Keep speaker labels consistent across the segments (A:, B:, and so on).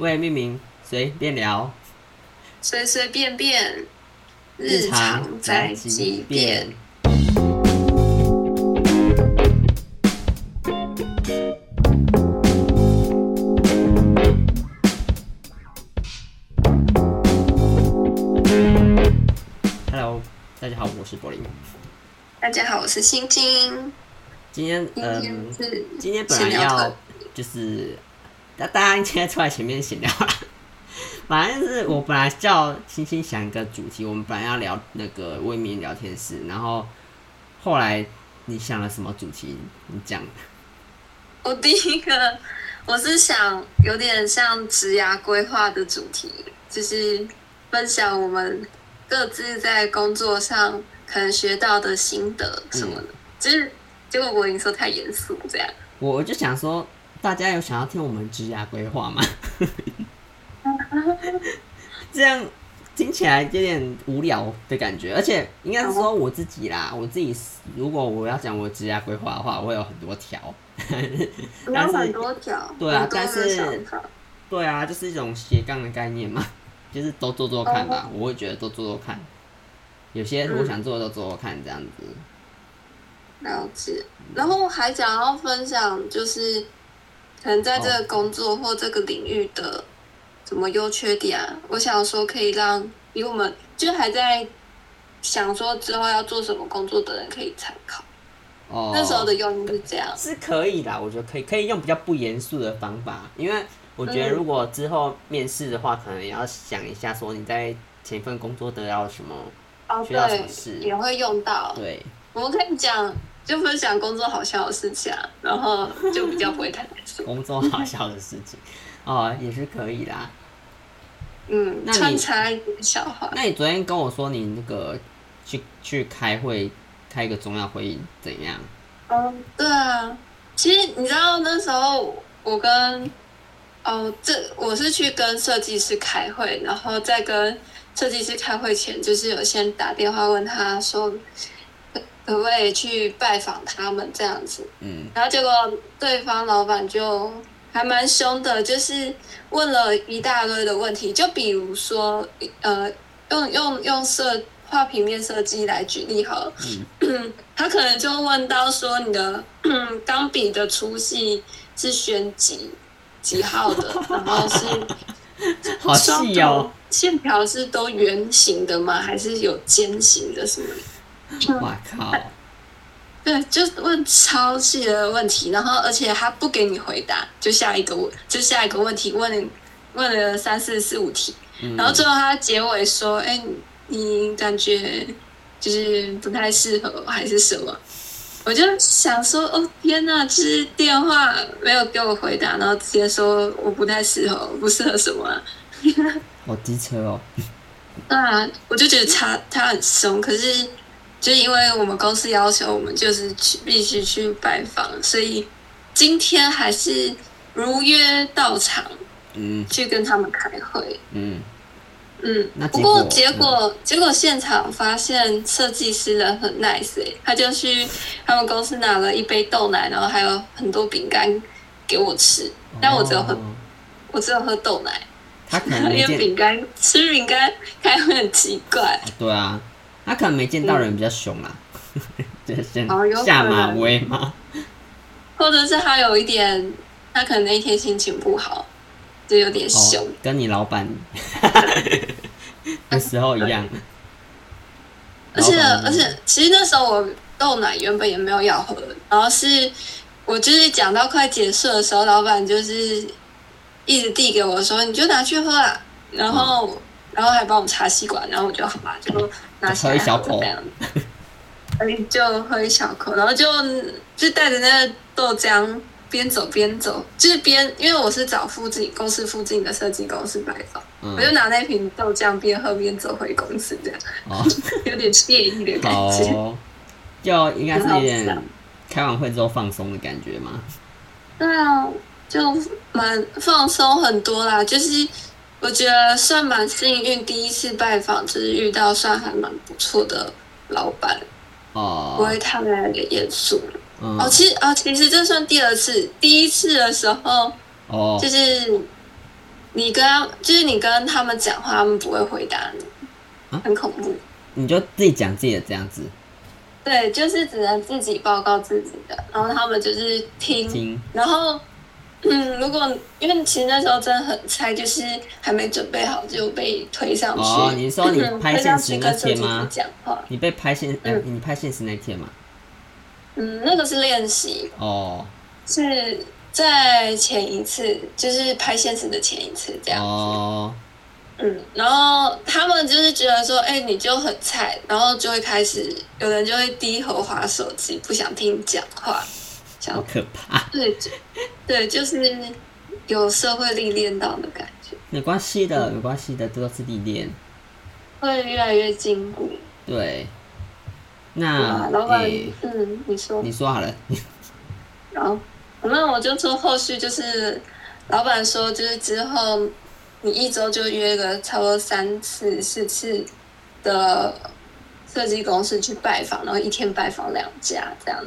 A: 未命名，隨便聊，
B: 隨隨便便，
A: 日常在即變。Hello，大家好，我是柏林。
B: 大家好，我是欣欣。
A: 今天嗯、呃，今天本來要是就是。那當然今天出來前面閒聊了，反正是我本來叫星星想一個主題，我們本來要聊那個未命名聊天室，然後後來你想了什麼主題？你講。
B: 我第一個我是想有點像職涯規劃的主題，就是分享我們各自在工作上可能學到的心得什麼的、嗯，就是結果國英說太嚴肅這樣，
A: 我就想說。大家有想要聽我們職涯規劃嗎？ 這樣聽起來有點無聊的感覺，而且應該是說我自己啦。我自己如果我要講我職業規劃的話，我有很多條，我是很
B: 多條，對啊，但是
A: 對啊，啊、就是一種斜槓的概念嘛，就是多做，做做看吧。我會覺得多做做看，有些我想做的都做做，做看，這樣子，嗯。了解。然後
B: 還想要分享就是。可能在這個工作或這個領域的什麼優缺點啊、哦？我想說可以讓比我們就還在想說之後要做什麼工作的人可以參考。
A: 哦，那時候的
B: 用意是這樣。可是可
A: 以的，我覺得可以，可以用比較不嚴肅的方法，因為我覺得如果之後面試的話、嗯，可能也要想一下說你在前一份工作得到什麼，
B: 哦，需要什麼事，也會用到。對，我們可以講。就分享工作好笑的事情啊，然後就比較不會太難受。
A: 工作好笑的事情，哦，也是可以的。嗯，那你
B: 穿插一點笑話。
A: 那你昨天跟我說你那個去去開會，開一個重要會議，怎樣？嗯，
B: 對啊，其實你知道那時候我跟哦，這我是去跟設計師開會，然後在跟設計師開會前，就是有先打電話問他說。可不可以去拜訪他們這樣子？嗯，然後結果對方老闆就還蠻凶的，就是問了一大堆的問題，就比如說，呃，用用用色畫平面設計來舉例好了，嗯，他可能就問到說你的鋼筆的粗細是選幾幾號的， 然後
A: 是好、喔、線條
B: 線條是都圓形的嗎？還是有尖形的什麼？哇、oh、靠！ 對，就問超細的問題，然後而且他不給你回答，就下一個問，就下一個問題問問了三四四五題、嗯，然後最後他結尾說：“哎、欸，你感覺就是不太適合還是什麼？”我就想說：“哦天哪！”就是電話沒有給我回答，然後直接說我不太適合，不適合什麼、啊。
A: 好機車哦。當
B: 然、 啊，我就覺得他他很凶，可是。就因為我們公司要求我們就是去必須去拜訪，所以今天還是如約到場，嗯，去跟他們開會，
A: 嗯嗯，那，不過結果，嗯，
B: 結果現場發現設計師人很 nice，欸，他就去他們公司拿了一杯豆奶，然後還有很多餅乾給我吃，但我只有喝，哦，我只有喝豆奶，
A: 他因為餅
B: 乾吃餅乾開會很奇怪，
A: 啊，對啊。他可能沒見到人比較凶啊、嗯， 就是下馬威嘛、
B: 啊，或者是他有一點，他可能那一天心情不好，就有點兇、
A: 哦。跟你老闆 那時候一樣。啊、而且而且，
B: 其實那時候我豆奶原本也沒有要喝，然後是我就是講到快結束的時候，老闆就是一直遞給我說：“你就拿去喝、啊。”然後。嗯然後還幫我們插吸管，然後我就好嘛，就拿小喝一小口，這樣，嗯，所以就喝一小口，然後就就帶着那個豆漿邊走邊走，就是邊，因為我是找附近公司附近的設計公司拜訪、嗯，我就拿那瓶豆漿邊喝邊走回公司，這樣，哦、 有點愜意的感覺
A: 好，就應該是有點開完會之後放鬆的感覺嘛，對啊，
B: 就蠻放鬆很多啦，就是。我覺得算蠻幸運，第一次拜訪就是遇到算還蠻不錯的老板，不會太嚴肅。哦，其實啊、哦，其實這算第二次，第一次的時候，oh. 就是你跟他，就是你跟他們講話，他們不會回答你，啊，很恐怖。你
A: 就自己講自己的這樣子，
B: 對，就是只能自己報告自己的，然後他們就是聽，聽然後。嗯，如果因為其實那時候真的很菜，就是還沒準備好就被推上去。哦、oh，你說你拍限時、嗯、那天嗎？
A: 你被拍限，哎、嗯欸，你拍限時那天嘛？嗯，
B: 那個是練習。哦、oh。是在前一次，就是拍限時的前一次
A: 這樣子。哦、oh。
B: 嗯，然後他們就是覺得說，哎、欸，你就很菜，然後就會開始有人就會低頭滑手機，不想聽你講話，
A: 好可怕。
B: 對、就是。對，就是有社會歷練到的感
A: 覺。沒關係的，沒關係的，都是歷練，
B: 會越來越堅固。
A: 對，那、啊、老闆、欸，嗯，你說，你說好
B: 了。好，那我就說後續就是，老闆說就是之後，你一周就約個差不多三次、四次的設計公司去拜訪，然後一天拜訪兩家這樣。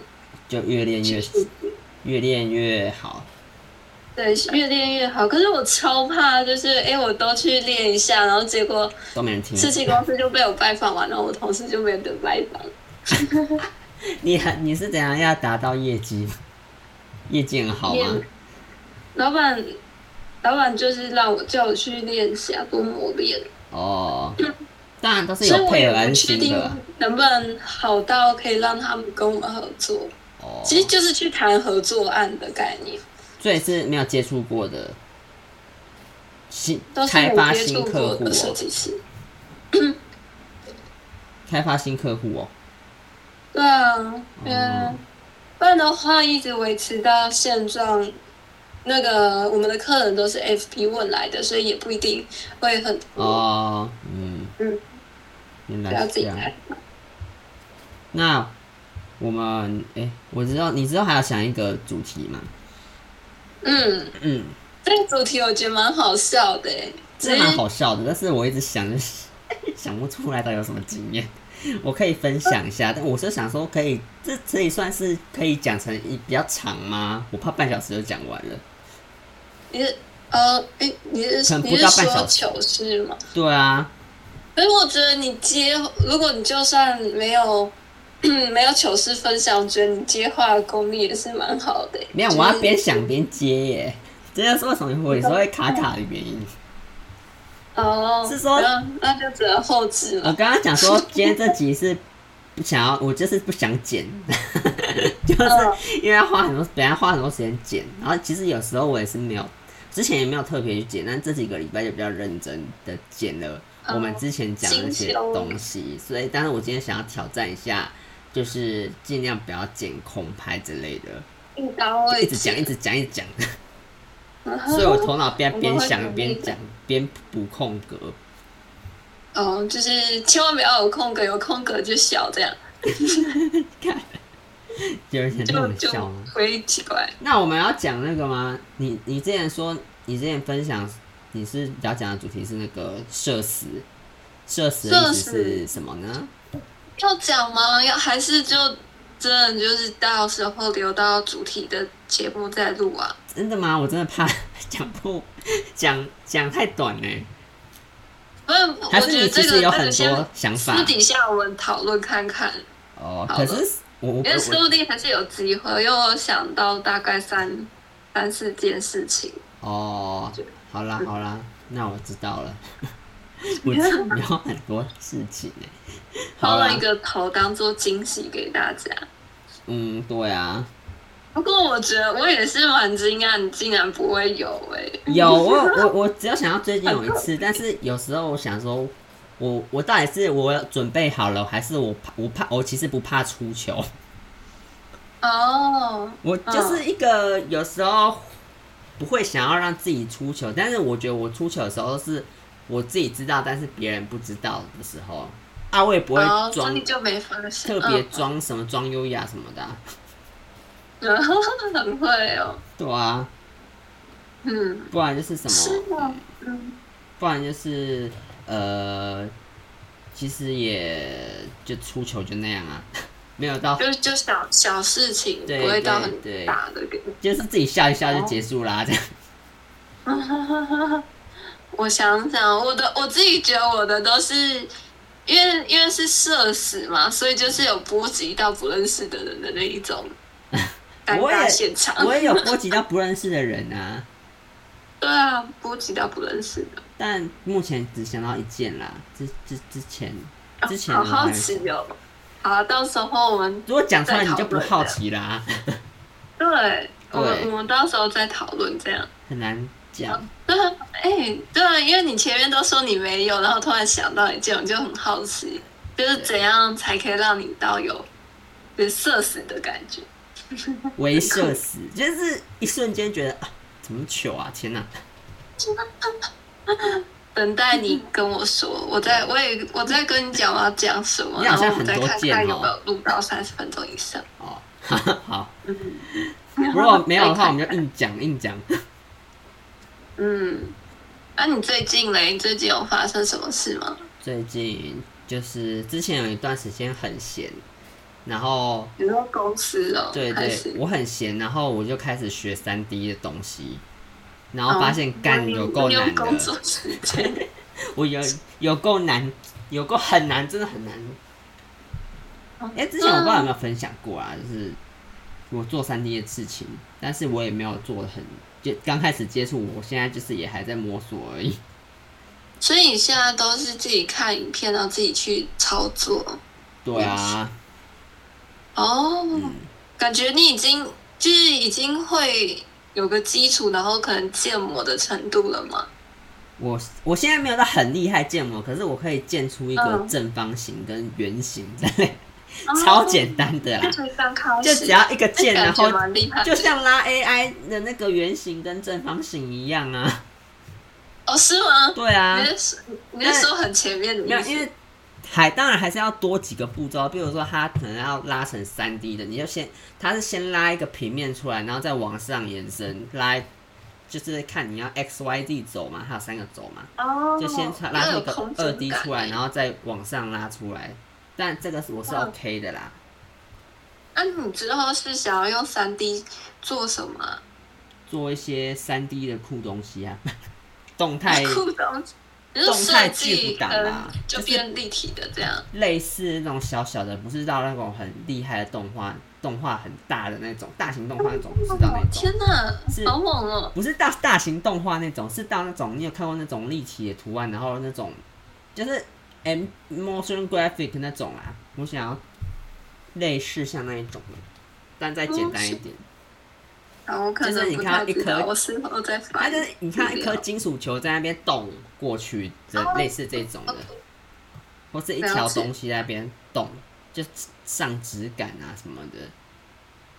A: 就越練越，越練越好。
B: 對，越練越好。可是我超怕，就是哎、欸，我都去練一下，然後結果
A: 都沒人聽。世紀公
B: 司就被我拜訪完了，然後我同事就沒有得拜訪。
A: 你你是怎樣要達到業績，業績很好嗎？
B: 老闆，老闆就是讓我叫我去練一下，多磨練。哦，當
A: 然都是有配合完全的。定
B: 能不能好到可以讓他們跟我們合作？哦，其實就是去談合作案的概念。
A: 所以是沒有接觸過的，新開發新客戶啊。開發新客戶哦。
B: 對啊，不然不然的話，一直維持到現狀，那個我們的客人都是 FP 問來的，所以也不一定會很哦，嗯嗯，
A: 嗯，不那我們哎、欸，我知道你知道還要想一個主題嗎？
B: 嗯嗯，這、嗯、個主題我覺得蠻好，好笑的，真蠻好
A: 笑的。但是我一直想想不出來到底有什麼經驗，我可以分享一下、嗯。但我是想說可以，這可以算是可以講成比較長嗎？我怕半小時就講完了。你是呃，哎、欸，你
B: 是不到半小時，你
A: 是說糗事嗎？
B: 對啊。所以我覺得你接，如果你就算沒有。嗯，沒有糗事
A: 分享，我覺得你接話的功力也是蠻好的、欸。沒有，我要邊想邊接耶，這就是為什麼卡卡的原因哦、嗯，
B: 是說、嗯、那就只能後置了。我剛剛講說，今天這集
A: 是不想要，我就是不想剪，嗯、 就是因為要花很多本來要花很多時間剪，然後其實有時候我也是沒有，之前也沒有特別去剪，但這幾個禮拜就比較認真的剪了我們之前講的那些東西，所以但是我今天想要挑戰一下。就是盡量不要剪空拍之類的，
B: 一直
A: 講一直講一直講，
B: 所以我頭腦邊邊想邊
A: 講邊補空格。
B: 哦，就是千萬不要有空格，有空格就笑這樣。
A: 看，第二天那我笑嗎？我也奇怪。那我們要講那個嗎？你你之前說你之前分享你是要講的主題是那個社死，社死的意思是什麼呢？
B: 要講嗎？要還是就真的就是到時候留到主題的節目再錄啊？
A: 真的嗎？我真的怕講不講講太短呢、欸。
B: 不是，我覺得這個有很多想法。私底下我們討論看看。
A: 哦，可是我，我，我覺得，說不
B: 定還是有機會，因為我想到大概三三四件事情。
A: 哦，好啦好啦、嗯，那我知道了。 我覺知得道 有很多事情呢、欸。拋了一個
B: 頭當做驚喜給大家。
A: 嗯，對啊。
B: 不過我覺得我也是蠻驚訝，你竟然不會有哎，欸。有 我
A: 我我只要想要最近有一次， 但是有時候我想說我，我我到底是我準備好了，還是我怕我怕我其實不怕出球。哦、
B: oh。
A: 我就是一個有時候不會想要讓自己出糗，但是我覺得我出糗的時候是我自己知道，但是別人不知道的時候。阿偉不會裝，你就
B: 沒分享。特別
A: 裝什麼裝優雅什麼的，
B: 很會哦。對啊，嗯，
A: 不然就是什麼？不然就是呃，其實也就出糗就那樣啊，沒有
B: 到。就是就小小事情，不會到很大
A: 的。就是自己笑一笑就結束啦，這
B: 樣。我想想，我的我自己覺得我的都是。因為因為是社死嘛，所以就是有波及到不認識的人的那一種
A: 尷尬現
B: 場。我，我也有波及
A: 到不認識的人啊。
B: 對啊，波及到不認
A: 識的。但目前只想到一件啦，之之之前，之前，啊，好好奇
B: 哦。好，到時候我們如果講出來，你就不好
A: 奇啦，啊 。
B: 對，我我們到時候再討論這樣。
A: 很難講。
B: 哎、欸，對啊，因為你前面都說你沒有，然後突然想到你這種，就很好奇，就是怎樣才可以讓你到有被、就是、社死的感覺？
A: 微社死，就是一瞬間覺得啊，怎麼糗啊！天哪，
B: 啊！等待你跟我說，我在我也我在跟你講我要講什麼， 然後我們再看看有沒有錄到三十分鐘以
A: 上。哦， 好、嗯，如果沒有的話，我們就硬講硬講。
B: 嗯，那、啊、你最近嘞？你最近有發生什麼事嗎？
A: 最近就是之前有一段時間很閒，然後
B: 有到公司了、哦。對對，對，
A: 我很閒，然後我就開始學三 D 的東西，然後發現幹有夠難的。嗯、我， 我有有夠難，有夠很難，真的很難。
B: 哎、嗯欸，之前我不知道有沒有
A: 分享過啊，就是我做三 D 的事情，但是我也沒有做很。就剛開始接觸，我現在就是也還在摸索而已。
B: 所以你現在都是自己看影片，然後自己去操作？
A: 對啊。哦、oh, 嗯，
B: 感覺你已經就是已經會有個基礎，然後可能建模的程度了嗎？
A: 我我現在沒有到很厲害建模，可是我可以建出一個正方形跟圓形，嗯 超簡單的啦，就
B: 只要一個鍵，然後就像
A: 拉 AI 的那個圓形跟正方形一樣啊。
B: 哦，是嗎？對啊。你是你是說很前面的，因
A: 為還當然還是要多幾個步驟，比如說它可能要拉成三 D 的，你就先它是先拉一個平面出來，然後再往上延伸，拉就是看你要 X Y Z 走嘛，它有三個軸嘛。
B: 就先拉出一個二 D 出
A: 來，然後再往上拉出來。但這個我是 OK 的啦。那、
B: 啊啊、你之後是想要用三 D 做什麼、
A: 啊？做一些三 D 的酷東西啊，呵呵動態酷動態巨幅
B: 感啦、啊嗯，就變立體的這樣、就是嗯。
A: 類似那種小小的，不是到那種很厲害的動畫，動畫很大的那種大型動畫那、嗯那、啊、那
B: 種，是到那種。天吶，好猛哦！
A: 不是大大型動畫那種，是到那種你有看過那種立體的圖案，然後那種就是。M motion graphic 那種啊，我想要類似像那一種的，但再簡單一點。嗯、
B: 就是你看一顆，
A: 是它就是你看一顆金屬球在那邊動過去的，類似這種的，嗯、或是一條東西在那邊動，就上質感啊什麼的，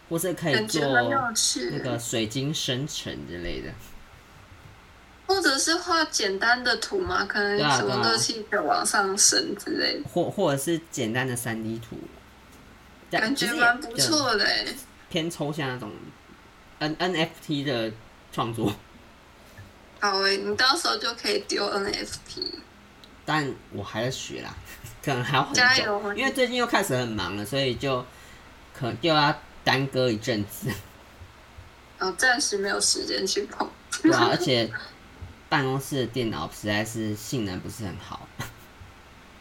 A: 或是可以做那個水晶生成之類的。
B: 或者是畫簡單的圖嘛，可能有什麼東西在往上升之類的。
A: 或或者是簡單的三 D 圖，感覺蠻不錯
B: 的、
A: 欸。偏抽象那種，N NFT 的創作。
B: 好誒、欸，你到時候就可以丟 NFT。
A: 但我還要學啦，可能還要很久。加油！因為最近又開始很忙了，所以就可能就要耽擱一陣子。
B: 哦，暫時沒有時間去碰。
A: 對、啊，而且。辦公室的電腦實在是性能不是很好。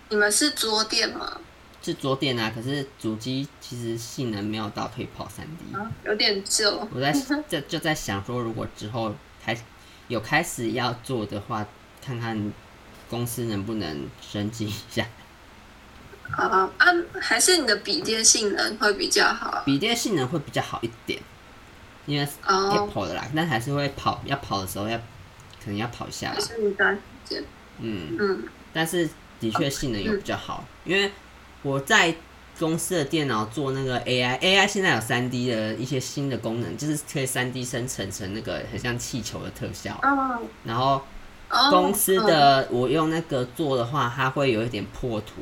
B: 你們是桌電嗎？
A: 是桌電啊，可是主機其實性能沒有到可以跑三 D，啊，有
B: 點舊。我在
A: 就就在想說，如果之後還有開始要做的話，看看公司能不能升級一下。啊按、啊，
B: 還是你的筆電性能會比較好，
A: 筆電性能會比較好一點，因為 Apple 的啦，oh. 但還是會跑，要跑的時候要。可能要跑下來。嗯嗯，但是的確性能又比較好，因為我在公司的電腦做那個 AI，AI 現在有三 D 的一些新的功能，就是可以三 D 生成成成那個很像氣球的特效。然後
B: 公司的
A: 我用那個做的話，它會有一點破圖，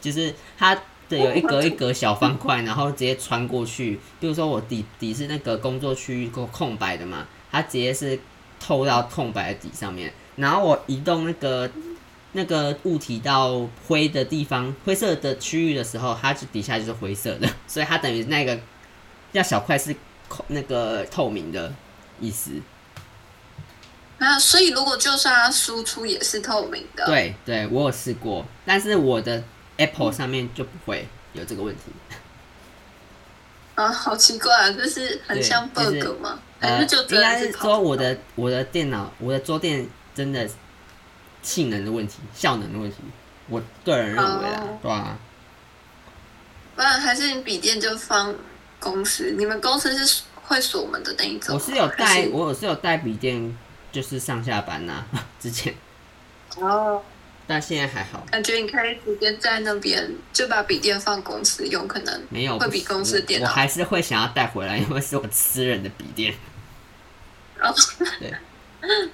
A: 就是它的有一格一格小方塊，然後直接穿過去。就是說我底底是那個工作區域夠空白的嘛，它直接是。透到空白底上面，然後我移動那個那個物體到灰的地方，灰色的區域的時候，它就底下就是灰色的，所以它等於那個要小塊是那個透明的意思。那、啊、
B: 所以如果就算它輸出也是透明的，對
A: 對，我有試過，但是我的 Apple 上面就不會有這個問題。嗯、 啊，好奇怪，就是很像 bug 嗎？呃，應該是說我的我的電腦我的桌電真的性能的問題，效能的問題，我個人認為啊，oh. 對啊。
B: 不然還是你筆電就放公司，你們公司是會鎖門的那一種。我是有帶，我
A: 是有時有帶筆電就是上下班吶、啊，之前。哦、oh.。但現在還好。感
B: 覺你可以直接在那邊，就把筆電放公司用，有可能沒有會比公司電腦，我還
A: 是會想要帶回來，因為是我私人的筆電。 對，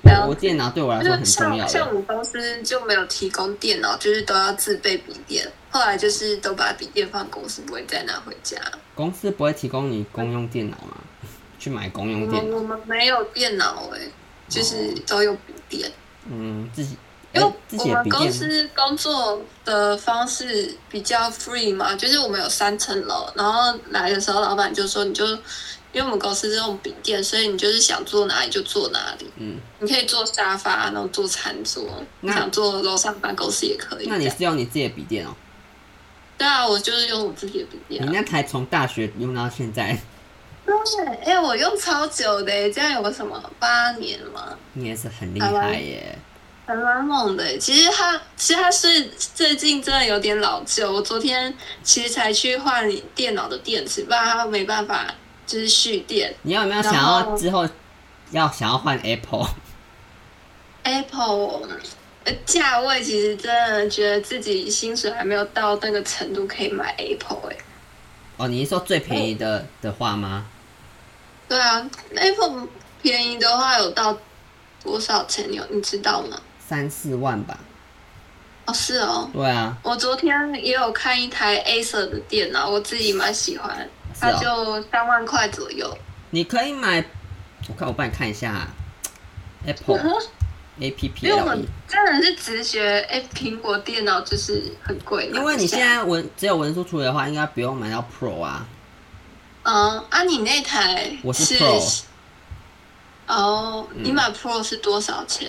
A: 然後我我電腦對我來說很重要的就像。像
B: 我們公司就沒有提供電腦，就是都要自備筆電。後來就是都把筆電放公司，不會再拿回家。
A: 公司不會提供你公用電腦嗎？去買公用電腦？嗯、我
B: 們沒有電腦誒、欸，就是都用筆
A: 電、哦。嗯，自己，因為我們公司
B: 工作的方式比較 free 嘛，就是我們有三層樓，然後來的時候，老闆就說你就。因為我們公司是用筆電，所以你就是想坐哪裡就坐哪裡。嗯，你可以坐沙發，然後坐餐桌。你想坐樓上辦公室也可以。那你
A: 是用你自己的筆電哦？對啊，我就
B: 是用我自己的筆電、
A: 啊。你那台從大學用到現在？
B: 對，因、欸、我用超久的，這樣有個什麼八年嘛。你
A: 也是很厲害耶，
B: 很、啊、拉猛的。其實它其實它是最近真的有點老舊。我昨天其實才去換電腦的電池，不然它沒辦法。就是續電。
A: 你有沒有想要，然後之後要想要換
B: Apple？Apple 的、呃、價位其實真的覺得自己薪水還沒有到那個程度可以買 Apple、欸、
A: 哦，你是說最便宜的、欸、的話嗎？
B: 對啊，Apple 便宜的話有到多少錢你有你知道嗎？
A: 三四萬吧。
B: 哦，是哦。對啊。我昨天也有看一台 Acer 的電腦，我自己蠻喜歡。那就
A: 三萬塊左右。你可以買，我看我幫你看一下、啊、Apple、嗯、A P P L E。因
B: 為我真的是直覺，哎，蘋果電腦就是很貴。因為你現
A: 在文只有文書處理的話，應該不用買到 Pro 啊。嗯，
B: 啊，你那台是我是 Pro。哦你 Pro、嗯，你買 Pro 是多少錢？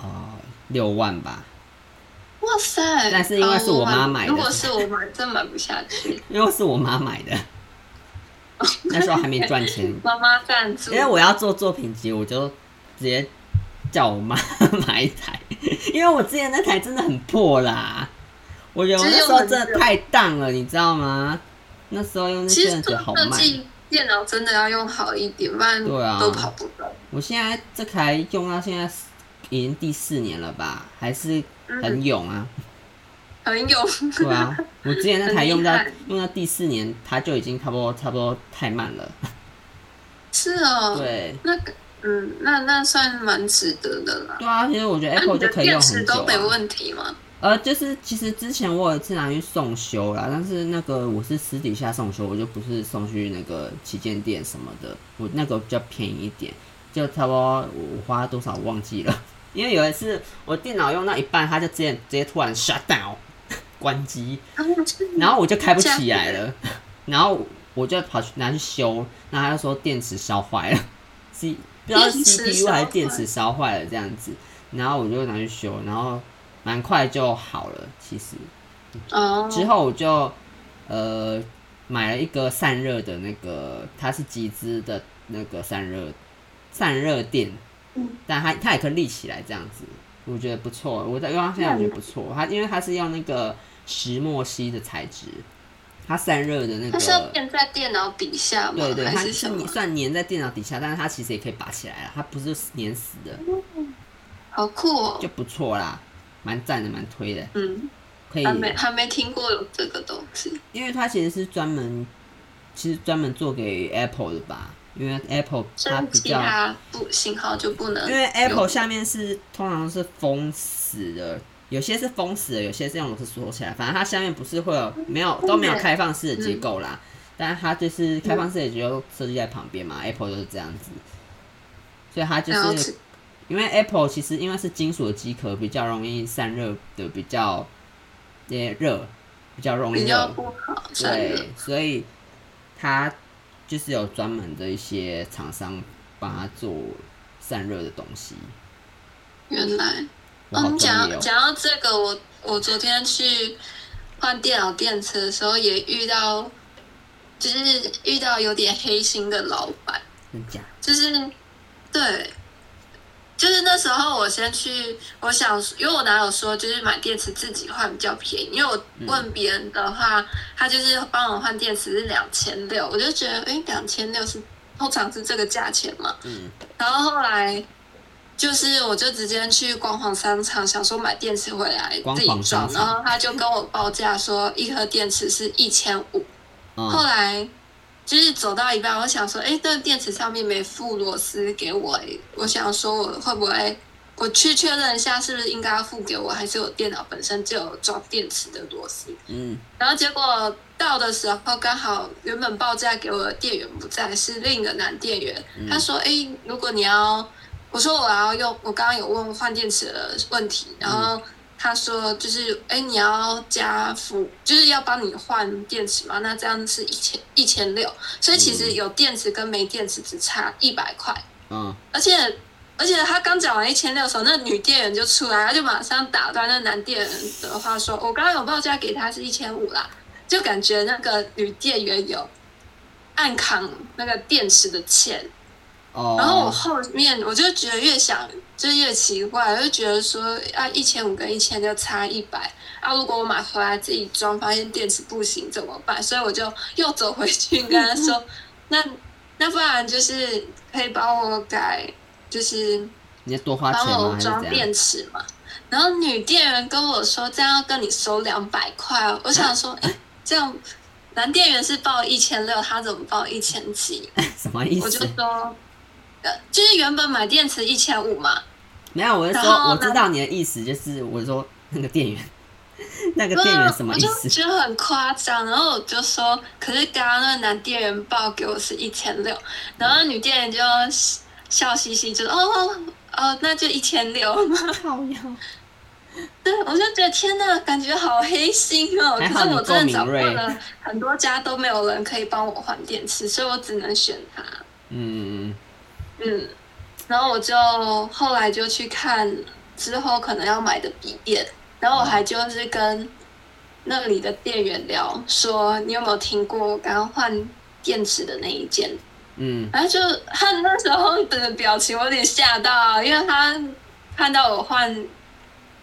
A: 哦，六萬吧。
B: 哇塞！但是因為是我媽買的、哦買，如果是我買，真買不下
A: 去。 因為是我媽買的。 那時候還沒賺錢，媽媽
B: 賺錢。因為我要做
A: 作品集，我就直接叫我媽買一台， 因為我之前那台真的很破啦。我有那時候真的太淡了，就是，你知道嗎？那時候用那些真的好慢。電
B: 腦真的要用好一點，不然都跑不掉。對
A: 啊，我現在這台用到現在已經第四年了吧，還是很勇啊。嗯很 有對啊，我之前那台用到用到第四年，它就已經差不多差不多太慢了。是哦，對，那
B: 個嗯，那那算蠻值得的啦。
A: 對啊，其實我覺得 Apple，啊、就可以用很久，啊。電池
B: 都
A: 沒問題嘛。呃，就是其實之前我有一次拿去送修啦，但是那個我是私底下送修，我就不是送去那個旗艦店什麼的，我那個比較便宜一點，就差不多我花多少我忘記了，因為有一次我電腦用到一半，它就直接直接突然 shut down。關機，然後我就開不起來了，然後我就跑去拿去修，然後他就說電池燒壞了，C 不知道 C P U 還是電池燒壞了這樣子，然後我就拿去修，然後蠻快就好了其實。
B: 哦，之
A: 後我就呃買了一個散熱的那個，它是集資的那個散熱散熱墊，嗯，但它它也可以立起來這樣子。我覺得不錯，我在用到現在我覺得不錯。它因為它是用那個石墨烯的材質，它散熱的那個。它是要粘
B: 在電腦底下嗎？對對，它是
A: 算粘在電腦底下，但是它其實也可以拔起來，它不是粘死的。好酷哦！就不錯啦，蠻讚的，蠻推的。
B: 嗯，
A: 可以。還沒還
B: 沒聽過有這個東
A: 西，因為它其實是專門，其實專門做給 Apple 的吧。因為 Apple 它比
B: 較它不信號就不能。因為 Apple 下
A: 面是通常是封，是封死的，有些是封死的，有些是用螺絲鎖起來，反正它下面不是會有沒有都沒有開放式的結構啦。但它就是開放式的結構設計在旁邊嘛，嗯，Apple 就是這樣子，所以它就是因為 Apple 其實因為是金屬機殼，比較容易散熱的比較也熱，比較容易熱，比較不好，
B: 對，
A: 所以它。就是有專門的一些廠商幫他做散熱的東西。
B: 原來，
A: 哦，你講講
B: 到這個，我我昨天去換電腦電池的時候也遇到，就是遇到有點黑心的老闆。真假？就是對。就是那時候，我先去，我想，因為我男友說，就是買電池自己換比較便宜。因為我問別人的話，嗯、他就是幫我換電池是兩千六，我就覺得，哎、欸，兩千六是通常是這個價錢嘛、嗯。然後後來就是，我就直接去光華商場想說買電池回來自己裝，然後他就跟我報價說，一顆電池是一千五。後來。就是走到一半，我想說，哎、欸，這個電池上面沒附螺絲給我、欸，我想說我會不會我去確認一下，是不是應該要附給我，還是我電腦本身就有裝電池的螺絲？嗯，然後結果到的時候，剛好原本報價給我的店員不在，是另一個男店員、嗯，他說，哎、欸，如果你要，我說我要用，我剛剛有問換電池的問題，然後。嗯他說：“就是，哎、欸，你要加付，就是要幫你換電池嘛。那這樣是一千一千六，1600，所以其實有電池跟沒電池只差一百塊。嗯，而且而且他剛講完一千六的時候，那女店員就出來，他就馬上打斷那男店員的，的話說，說我剛剛有報價給他是一千五啦。就感覺那個女店員有暗扛那個電池的錢。” Oh. 然後我後面我就覺得越想就越奇怪，我就覺得說啊，一千五跟一千六差一百啊，如果我買回來自己裝，發現電池不行怎麼辦？所以我就又走回去跟他說， 那那不然就是可以幫我改，就是
A: 你要多花錢嗎？幫我裝電池嘛。
B: 然後女店員跟我說，這樣要跟你收兩百塊哦，我想說、 欸，這樣男店員是報一千六，他怎麼報一千七？ 什麼意
A: 思？我就
B: 說。就是原本買電池一千五嘛，
A: 沒有，我是說我知道你的意思，就是我就說那個店員，那， 那個店員什麼意思？我就覺
B: 得很誇張。然後我就說，可是剛剛那個男店員報給我是一千六，然後女店員就笑嘻嘻，嘻就說，就哦哦，哦，那就一千六。好呀，對，我就覺得天吶，感覺好黑心哦。還好你夠敏銳。可是我真的找敏了找到了很多家都沒有人可以幫我換電池，所以我只能選它。嗯嗯嗯。嗯，然後我就後來就去看之後可能要買的筆電，然後我還就是跟那裡的店員聊，說你有沒有聽過我剛剛換電池的那一件？嗯，然後就看那時候的表情，我有點嚇到，因為他看到我換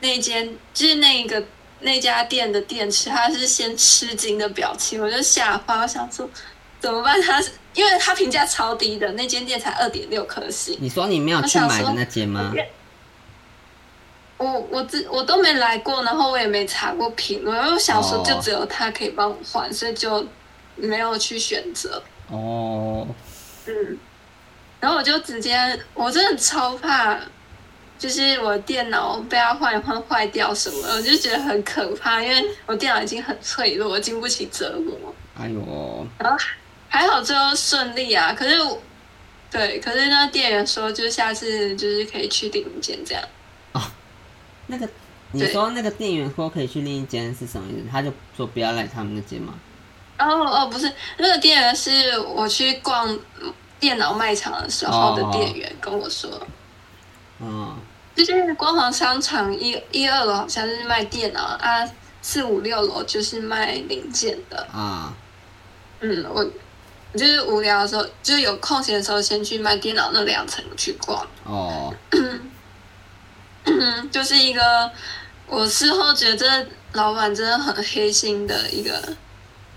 B: 那間就是那個那家店的電池，他是先吃驚的表情，我就嚇發，我想說。怎麼辦？他是因為他評價超低的，那間店才二點六顆星。你
A: 說你沒有去買的那間嗎？
B: 我我我，我都沒來過，然後我也沒查過評論。我想說就只有他可以幫我換，oh. 所以就沒有去選擇。哦、oh.，嗯。然後我就直接，我真的超怕，就是我電腦被他換換壞掉什麼，我就覺得很可怕，因為我電腦已經很脆弱，我經不起折磨。哎呦，然後。還好最後順利啊，可是，對，可是那店員說，就下次就是可以去另一間這樣。哦。
A: 那個你說那個店員說可以去另一間是什麼意思？他就說不要來他們的間嘛。
B: 哦哦，不是，那個店員是我去逛電腦賣場的時候的店員跟我說。嗯、
A: 哦
B: 哦哦，哦、就，就是光華商場一一二樓好像是賣電腦啊，四五六樓就是賣零件的
A: 啊、哦。嗯，
B: 我。就是無聊的時候，就是有空閒的時候，先去賣電腦那兩層去逛。哦、
A: oh.
B: 就是一個我事後覺得這老闆真的很黑心的一個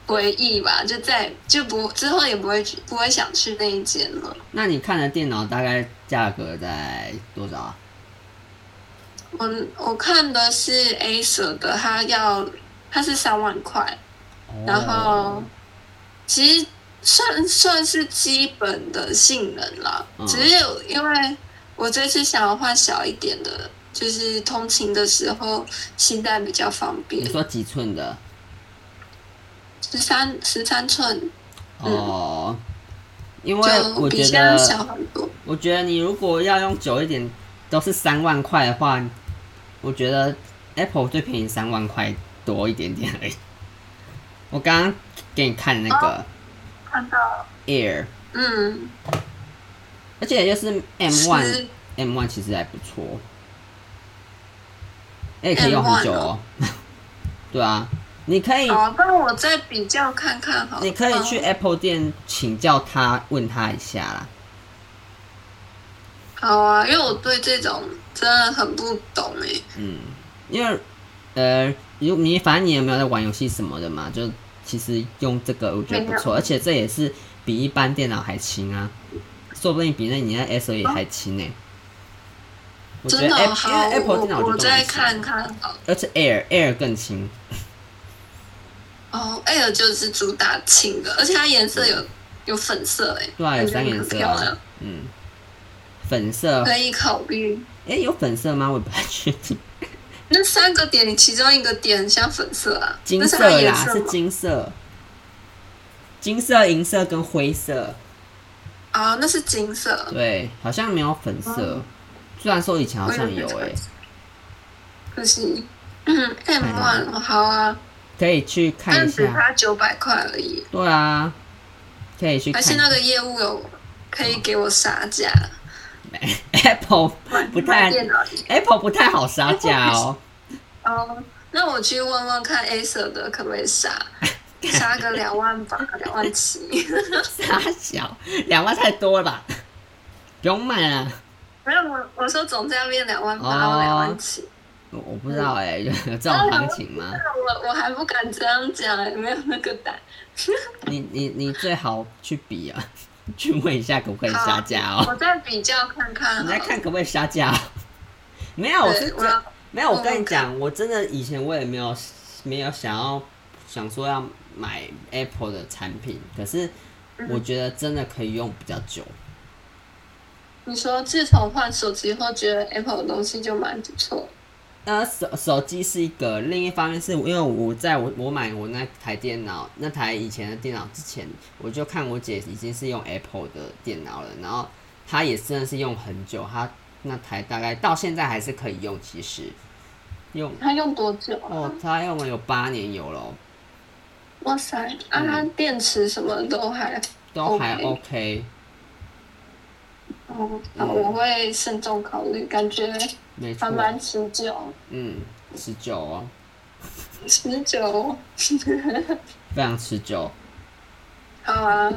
B: 回憶吧，就在就不之後也不會去不會想去那一間了。
A: 那你看的電腦大概價格在多少啊？
B: 我我看的是 Acer 的，它要它是三萬塊，oh. 然後其實。算算是基本的性能啦，嗯，只是因為我這次想要換小一點的，就是通勤的時候攜帶比較方便。你說幾寸的？十三十三寸。
A: 哦。因為我覺得比較小很多，我覺得你如果要用久一點，都是三萬塊的話，我覺得 Apple 最便宜三萬塊多一點點而已。我剛剛給你看那個。啊看到 Air，嗯，而且就是 M One，M One 其實還不錯，哎，可以用很久哦，哦 對啊，你可以，
B: 好，那我再比較看看好了，你
A: 可以去 Apple 店請教他，問他一下啦。
B: 好啊，因為我對這種真的很不懂
A: 哎、欸，嗯，因為，呃，如你反正你有沒有在玩遊戲什麼的嘛，就。其實用這個我覺得不錯，而且這也是比一般電腦還輕啊，說不定比那你的 a 也還輕呢、欸。啊、我覺得真的？因 Apple 電腦，就我再
B: 看
A: 看啊。而且 Air Air 更輕。哦、
B: oh，Air 就是主打輕的，而且它顏色有有粉色對、欸，對，三顏色、啊。嗯，
A: 粉色可
B: 以考慮。哎、欸，
A: 有粉色嗎？我不太確定。
B: 那三個點，其中一個點像粉色啊，那是啥顏色？是
A: 金色，金色、銀色跟灰色。
B: 啊、哦，那是金色。對，
A: 好像沒有粉色，啊、雖然說以前好像有、欸、哎。
B: 可惜，嗯，太麻煩了。好啊，
A: 可以去看一下。但是它
B: 九百塊而已。
A: 對啊，可以去看一下。而且那
B: 個業務有可以給我殺價。
A: Apple 不太，Apple 不太好殺價哦。哦、oh,，
B: 那我去問問看，Acer 的可不可以殺？殺 個兩萬八、兩萬七，
A: 殺 小，兩萬太多了吧？不 用賣了、啊。沒
B: 有，我我說總價變兩萬八兩、
A: oh, 萬七我。我不知道哎、欸，有這種行情嗎？
B: 我 我還不敢這樣講、欸，沒有
A: 那個膽。 你你你最好去比啊。去問一下可不可以殺價哦，喔！我
B: 再比較看看。你再看
A: 可不可以殺價、喔 沒。沒有，我沒有。我跟你講，我真的以前我也沒有沒有想要想說要買 Apple 的產品，可是我覺得真的可以用比較久。嗯、你說自從
B: 換手機後，覺得 Apple 的東西就蠻不錯？
A: 呃，手手機是一個，另一方面是因為我在我我買我那台電腦，那台以前的電腦之前，我就看我姐已經是用 Apple 的電腦了，然後她也真的是用很久，她那台大概到現在還是可以用，其實用她用多久。啊？哦，她用了有八年有了。
B: 哇塞，啊，她、嗯、電池什麼都還、OK、都還 OK。哦、嗯，我會慎重考慮，感覺還蠻持久。嗯，持久哦，持久
A: 哦， 非常持久。
B: 好啊，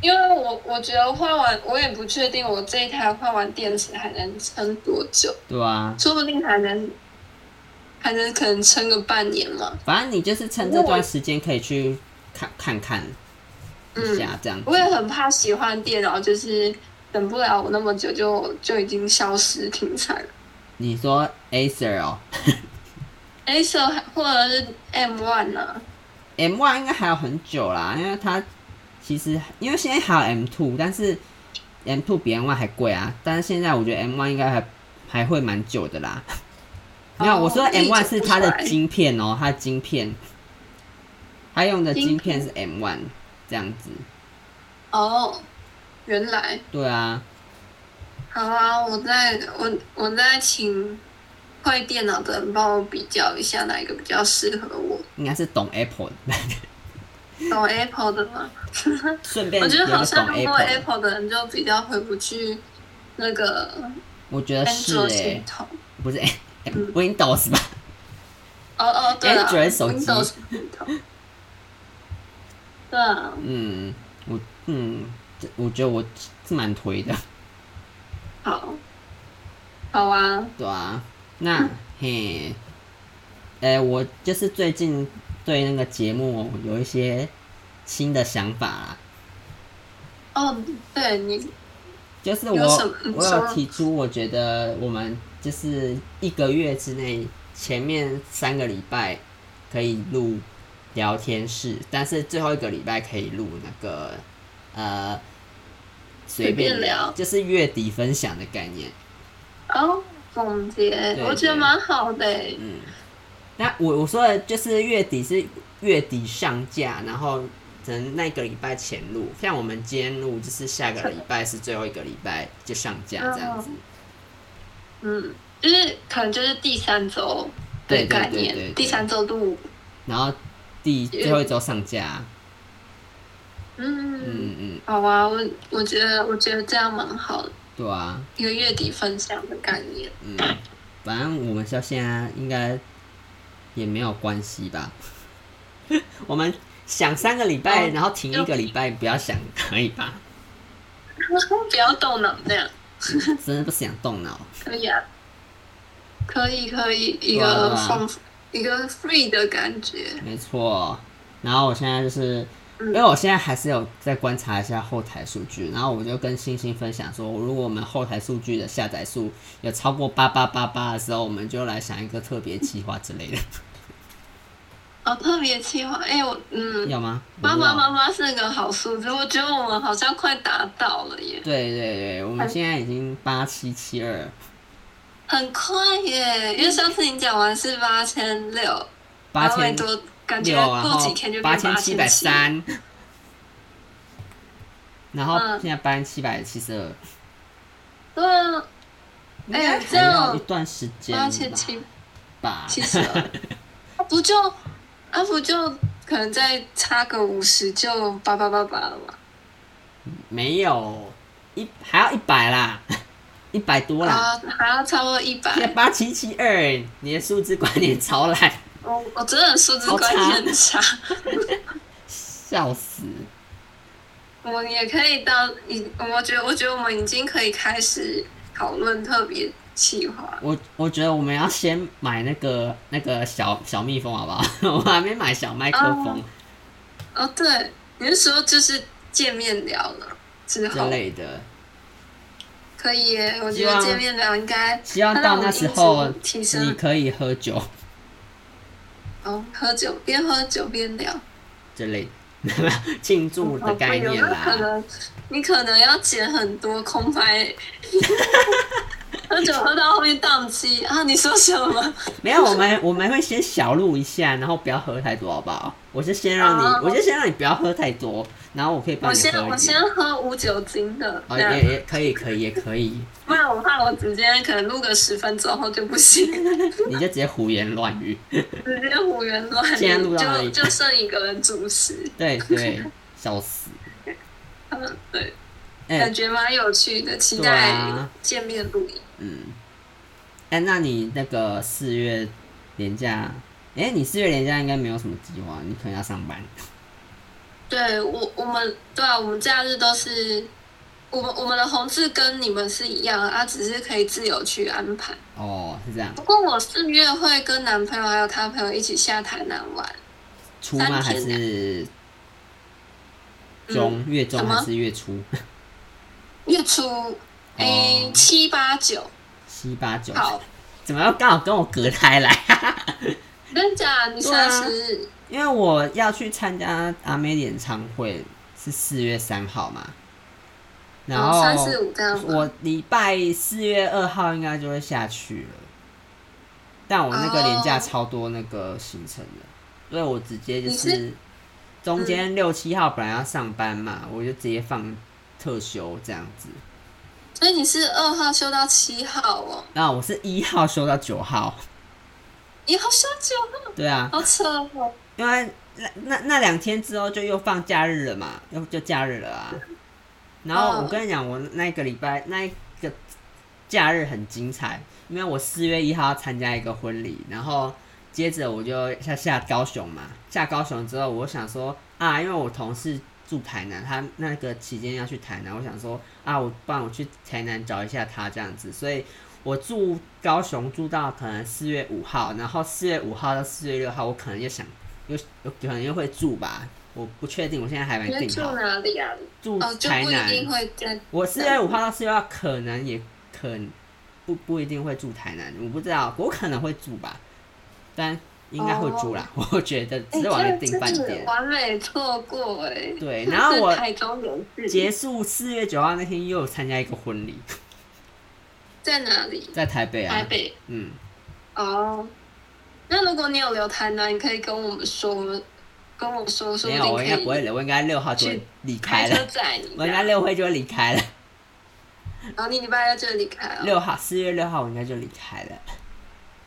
B: 因為我我覺得換完，我也不確定我這一台換完電池還能撐多久。
A: 對啊，說
B: 不定還能還能可能撐個半年嘛。
A: 反正你就是趁這段時間可以去看看看一下，嗯，這樣。
B: 我也很怕，喜歡電腦就是。等
A: 不了我那麼久就就已經消失，挺慘的。你說
B: Acer 哦，Acer 或者是 M One
A: 呢？M One 應該還有很久啦，因為它其實因為現在還有 M Two，但是 M Two 比 M One 還貴啊。但是現在我覺得 M One 應該還還會蠻久的啦。Oh, 你看，我說 M One 是它的晶片哦，它的晶片，它用的晶片是 M One 這樣子
B: 哦。Oh. 原來對啊，好啊，我在我我在請會電腦的人幫我比較一下哪一個比較適合我。
A: 應該是懂 Apple 的。
B: 懂 Apple 的嗎？
A: 我覺得好像用過
B: Apple 的人就比較回不去那個。我覺得是哎、欸，
A: 不是 Windows 吧？哦、嗯、哦、oh, oh, 對
B: 了 Windows 系統。Windows Windows. 對啊，嗯
A: 我嗯。我覺得我是蠻推的。好，
B: 好啊。
A: 對啊，那、嗯、嘿，哎、欸，我就是最近對那個節目有一些新的想法啦。
B: 哦，對，你
A: 就是我，我有提出，我覺得我們就是一個月之內，前面三個禮拜可以錄聊天室，但是最後一個禮拜可以錄那個呃。隨便聊，就是月底分享的概念。
B: 哦，總結，對對對，我覺得蠻好的、
A: 欸。嗯，那我我說的就是月底是月底上架，然後可能那個禮拜前錄，像我們今天錄就是下個禮拜是最後一個禮拜就上架
B: 這樣子。嗯，就是可能就是第三
A: 週，的概念，對對對對對第三週錄，然後第最後一週上架。
B: 嗯嗯嗯，好吧、啊，我我覺得我覺得這樣蠻好
A: 的。對啊，
B: 一個月底分享的概
A: 念。嗯，反正我們到現在應該也沒有關係吧？ 我們想三個禮拜，然後停一個禮拜，不要想可以吧？
B: 不要動腦
A: 這樣， 真的不想動腦。
B: 可以啊，可以可以，一個放、啊、一個 free 的感覺。
A: 沒錯，然後我現在就是。因為我現在還是有在觀察一下後台數據，然後我就跟星星分享說，如果我們後台數據的下載數有超過八八八八的時候，我們就來想一個特別計劃之類的。哦，特
B: 別計劃，哎、欸，我嗯，有
A: 嗎？八八八
B: 八是個好數字，我覺得我們好像快達到了
A: 耶。對對對，我們現在已經八七七二，
B: 很快耶，因為上次你講完是八千六。
A: 八千多，感覺過幾天就變成八千七。然後現在搬七百七
B: 十二。72, 對啊，哎，這
A: 樣八千七，七百七十
B: 二，72, 不就，不就可能再差個五十就八八八八了嗎？
A: 沒有，一還要一百啦，一百多啦，啊、還要
B: 超過一百。
A: 八七七二，你的數字觀念超爛。
B: 我我真的素質觀念很差，差， 笑死！我也可以到已，我覺得我覺得我們已經可以開始討論特別企劃。
A: 我我覺得我們要先買那個那個小小蜜蜂，好不好？ 我還沒買小麥克風。
B: 哦、oh, oh,，對，你是說就是見面聊了
A: 之後之類的？
B: 可以耶，我覺得見面聊應該希，希望到那時候，
A: 你可以喝酒。
B: 哦、oh，喝酒邊喝酒邊
A: 聊，這類慶祝的概念吧，哦、
B: 可能你可能要剪很多空拍。 喝酒喝到後面宕機啊？你說什麼？
A: 沒有，我們我們會先小錄一下，然後不要喝太多，好不好？我就先讓你，oh. 我就先讓你不要喝太多。然後我可以幫你我先，我先
B: 喝無酒精的。也、喔、也、
A: 欸、可以，可以也可以。不然
B: 我怕我直接可能錄個十分鐘後就不行。
A: 你就直接胡言亂語。直
B: 接胡言亂語。就就剩一個人主持。
A: 對對，笑死。嗯，對。欸、
B: 感覺蠻有趣的，期待見面錄
A: 影。啊？嗯。哎、欸，那你那個四月連假，哎、欸，你四月連假應該沒有什麼計劃，你可能要上班。
B: 對我，我們對啊，我們假日都是我們我們的紅字跟你們是一樣啊，只是可以自由去安排。
A: 哦，是這樣。不
B: 過我四月會跟男朋友還有他朋友一起下台南玩，
A: 初嗎？還是中、嗯、月中還是月初？
B: 月初誒，七八九，
A: 七八九好，怎麼又剛好跟我隔開來、
B: 啊？真的，你算是、
A: 啊。因為我要去參加阿妹演唱會，是四月三號嘛，然後我禮拜四月二號應該就會下去了，但我那個連假超多那個行程的，所以我直接就是中間六七號本來要上班嘛，我就直接放特休這樣子。
B: 所以你是二號休到七號哦？
A: 那我是一號休到九號，一號休九
B: 號？對啊，好扯哦。
A: 因為那那那兩天之後就又放假日了嘛，又就假日了啊。然後我跟你講，我那一個禮拜那一個假日很精彩，因為我四月一號要參加一個婚禮，然後接着我就下下高雄嘛。下高雄之後，我想說啊，因為我同事住台南，他那個期間要去台南，我想說啊，我幫我去台南找一下他這樣子。所以，我住高雄住到可能四月五號，然後四月五號到四月六號，我可能又想。有可能又會住吧，我不確定。我現在還沒定
B: 好。住哪裡？住台南。在。我
A: 四月五號到四月二號可能也可不不一定會住台南，我不知道。我可能會住吧，但應該會住啦。我覺得。定半點完
B: 美錯過哎。對，然後我。台中有事。結
A: 束四月九號那天，又參加一個婚禮。
B: 在哪裡？
A: 在台北。台北。嗯。
B: 哦。那如果你有留台呢？你可以跟我們說，跟我說，說不定可以。沒有，我應該不會
A: 留，我應該六號就離開了。我應該六會就會離開了。然
B: 後你禮拜一就離開了。
A: 六號，四月六號，我應該就離開了。